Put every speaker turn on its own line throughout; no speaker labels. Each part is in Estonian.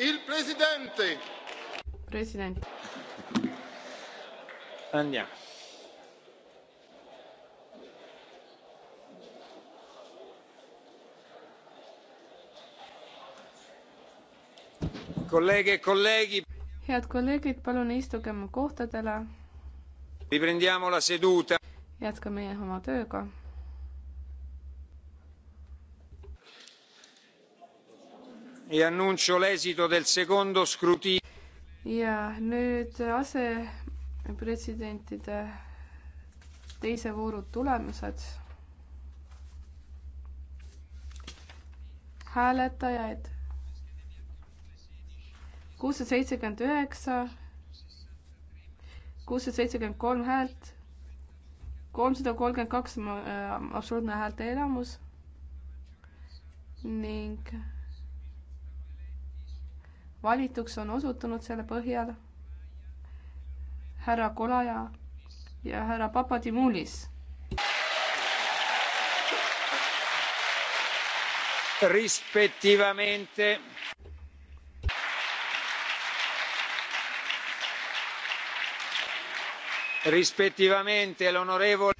il
presidente.
presidente. andiamo.
kolleege ja e kolleegid.
head kolleegid, palun istugem kohtadele. jätkame oma tööga E ja nüüd asepresidentide teise vooru tulemused. hääletajaid kuussada seitsekümmend üheksa, kuussada seitsekümmend kolm häält, kolmsada kolmkümmend kaks äh, absoluutne häälte enamus ning valituks on osutunud selle põhjal härra Kolaja ja härra Papadimulis.
Rispettivamente. Rispettivamente l'onorevole.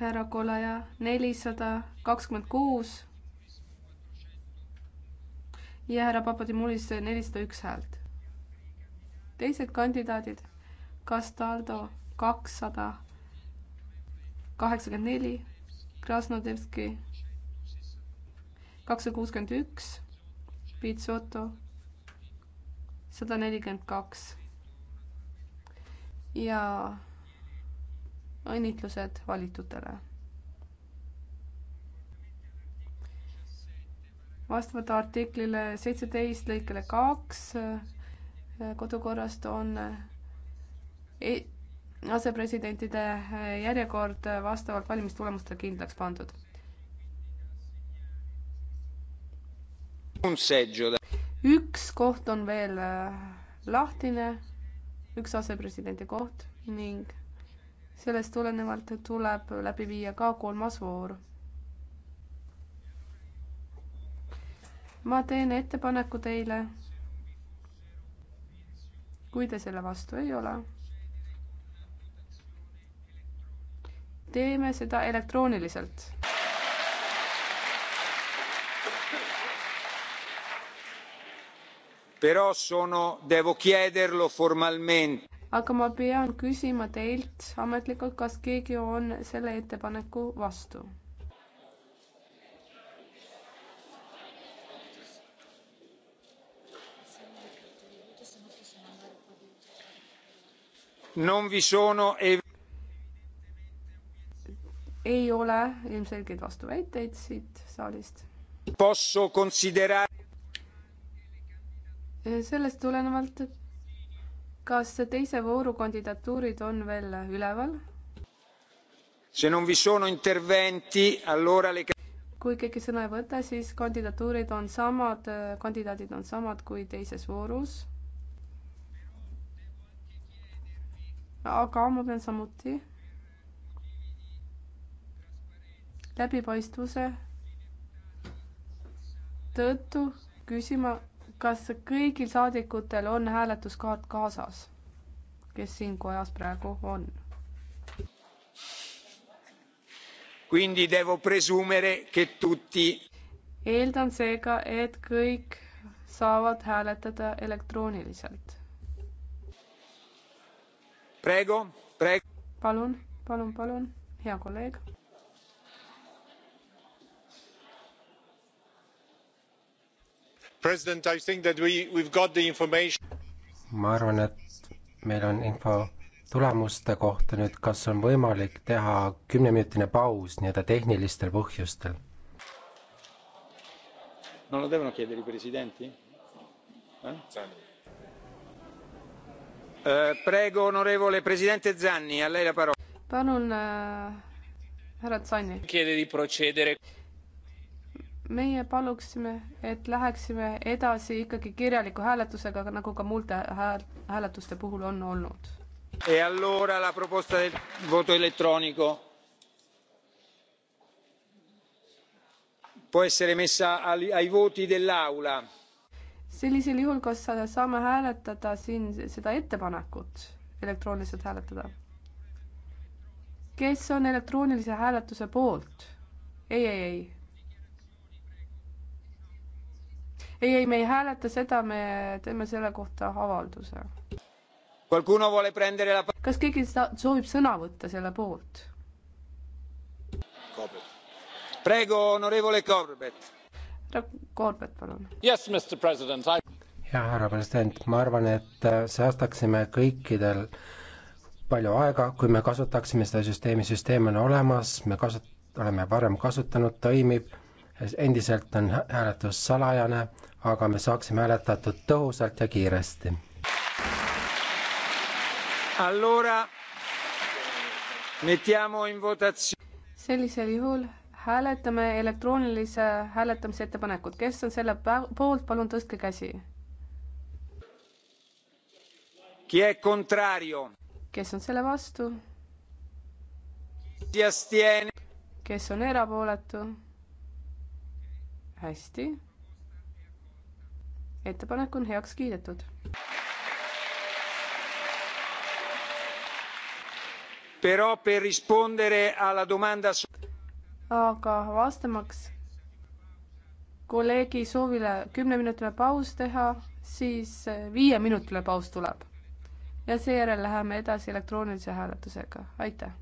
härra Kolaja nelisada kakskümmend kuus ja härra Papadimulis nelisada üks häält. teised kandidaadid, Castaldo kakssada kaheksakümmend neli, Krasnodevski kakssada kuuskümmend üks, Pitsoto sada nelikümmend kaks. ja õnnitlused valitutele vastavalt artiklile seitseteist lõikele kaks äh, kodukorrast on äh, e-, asepresidentide äh, järjekord vastavalt valimistulemustele kindlaks pandud. üks koht on veel lahtine, üks asepresidendi koht ning sellest tulenevalt tuleb läbi viia ka kolmas voor ma teen ettepaneku teile, kui te selle vastu ei ole, teeme seda elektrooniliselt.
Però sono, devo chiederlo formalmente.
aga ma pean küsima teilt ametlikult, kas keegi on selle ettepaneku vastu
non vi sono ei
ole ilmselgeid vastuväiteid siit saalist.
Posso considerare
sellest tulenevalt, kas teise vooru kandidatuurid on veel üleval?
Se non vi sono interventi, allora le
kui keegi sõna ei võta, siis kandidatuurid on samad, kandidaadid on samad kui teises voorus aga ma pean samuti läbipaistvuse tõttu küsima, kas kõigil saadikutel on hääletuskaart kaasas, kes siin kojas praegu on.
Quindi devo presumere che tutti.
eeldan seega, et kõik saavad hääletada elektrooniliselt palun, palun, palun, hea kolleeg.
ma arvan, et meil on info tulemuste kohta nüüd, kas on võimalik teha kümneminutine paus nii-öelda tehnilistel põhjustel? no nad võivad küsida presidenti eh?. Eh, prego, onorevole presidente Zanni, a lei la parola.
palun eh, härra Zanni. meie paluksime, et läheksime edasi ikkagi kirjaliku hääletusega, nagu ka muude hääletuste puhul on olnud.
E allora la proposta del voto elettronico. può essere messa ai voti dell'aula
sellisel juhul, kas saame hääletada siin seda ettepanekut, elektrooniliselt hääletada? kes on elektroonilise hääletuse poolt? ei, ei, ei. ei, ei, me ei hääleta seda, me teeme selle kohta avalduse. kas keegi soovib sõna võtta selle poolt?
Prego, onorevole Corbett
härra Corbett, palun
yes,. ja härra president, ma arvan, et äh, säästaksime kõikidel palju aega, kui me kasutaksime seda süsteemi, süsteem on olemas, me kasut-, oleme varem kasutanud, toimib, endiselt on hääletus salajane, aga me saaksime hääletatud tõhusalt ja kiiresti.
sellisel juhul hääletame elektroonilise hääletamise ettepanekut, kes on selle poolt, palun tõstke käsi. kes on selle vastu? kes on erapooletu? hästi. ettepanek on heaks kiidetud.
però per rispondere alla domanda
aga vastamaks kolleegi soovile kümneminutiline paus teha, siis viieminutiline paus tuleb. ja seejärel läheme edasi elektroonilise hääletusega, aitäh.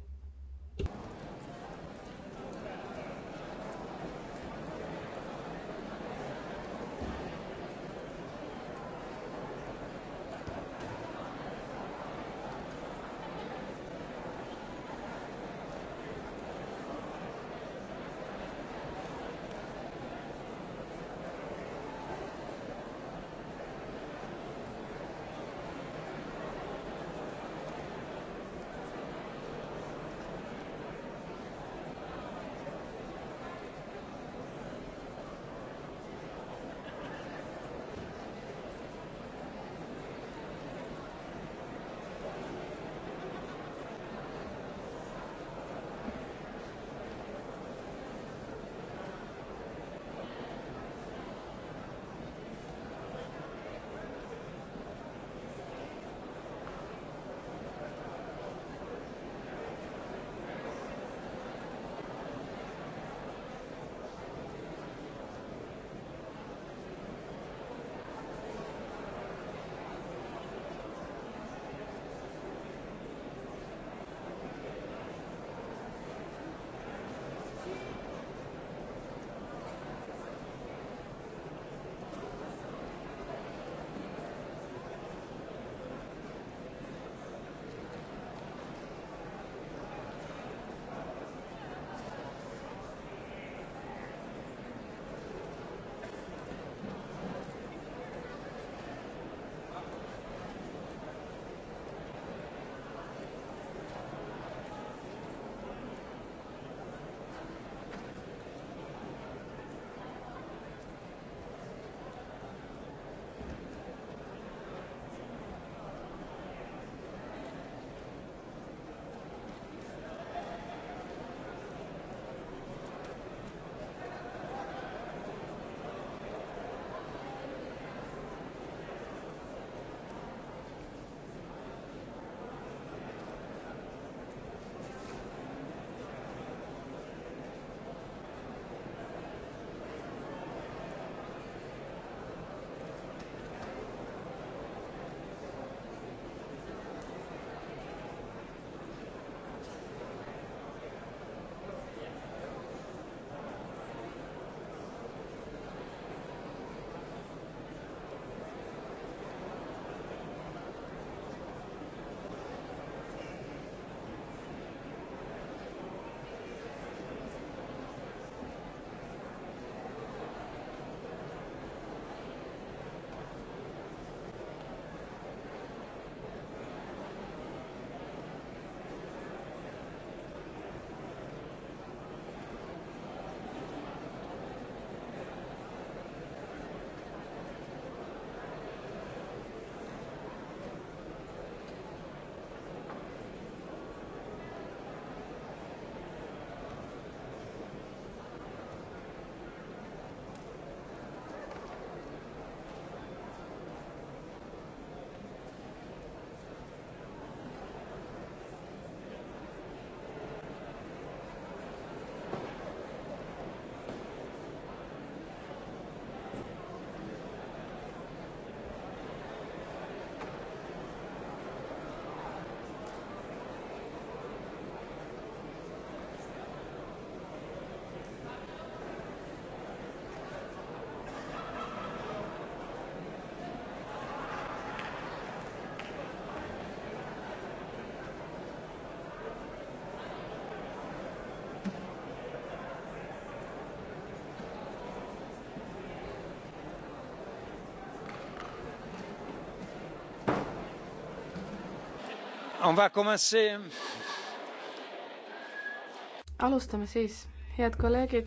alustame siis, head kolleegid.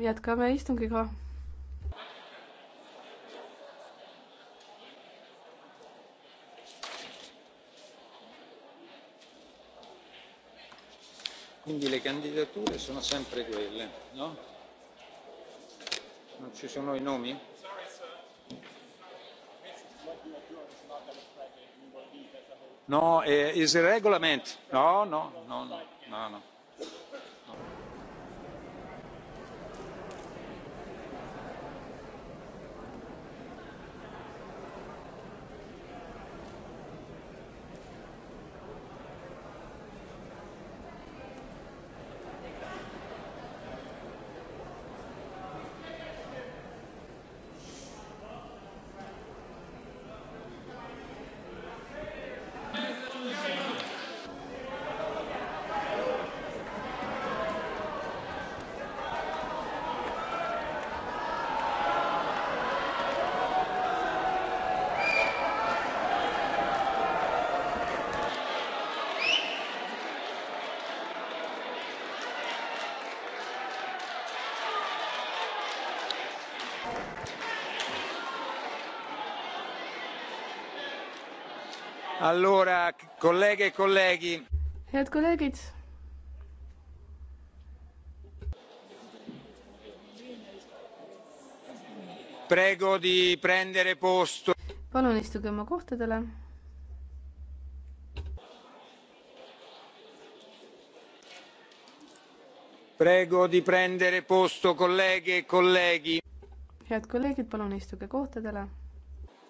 jätkame istungiga.
Quindi le candidature sono sempre quelle, no? Non ci sono i nomi? no, es eh, el reglamento. No, no,
no, no,
no. Allora, kolleege, kolleegi.
E head kolleegid.
Prego di prendere posto.
palun istuge oma kohtadele.
Prego di prendere posto, kolleege, kolleegi. E
head kolleegid, palun istuge kohtadele